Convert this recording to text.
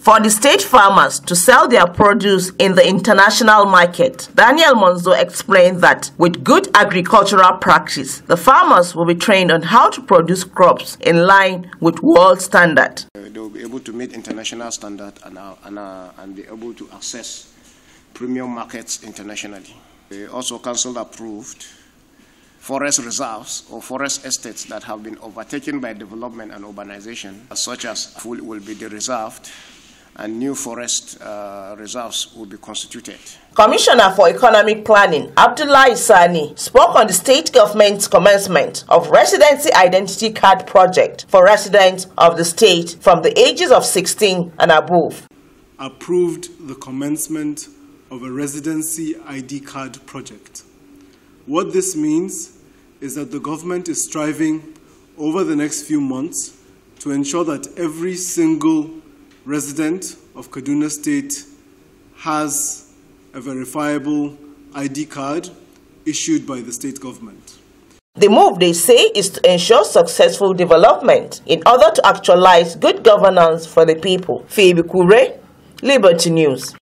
for the state farmers to sell their produce in the international market. Daniel Monzo explained that with good agricultural practice, the farmers will be trained on how to produce crops in line with world standard. They will be able to meet international standard and, uh, and, uh, and be able to access premium markets internationally. They also council approved forest reserves or forest estates that have been overtaken by development and urbanization, such as food, will be reserved and new forest uh, reserves will be constituted. Commissioner for Economic Planning, Abdullah Isani, spoke on the state government's commencement of residency identity card project for residents of the state from the ages of 16 and above. Approved the commencement of a residency ID card project. What this means is that the government is striving over the next few months to ensure that every single resident of Kaduna State has a verifiable ID card issued by the state government. The move, they say, is to ensure successful development in order to actualize good governance for the people. Phoebe Kure, Liberty News.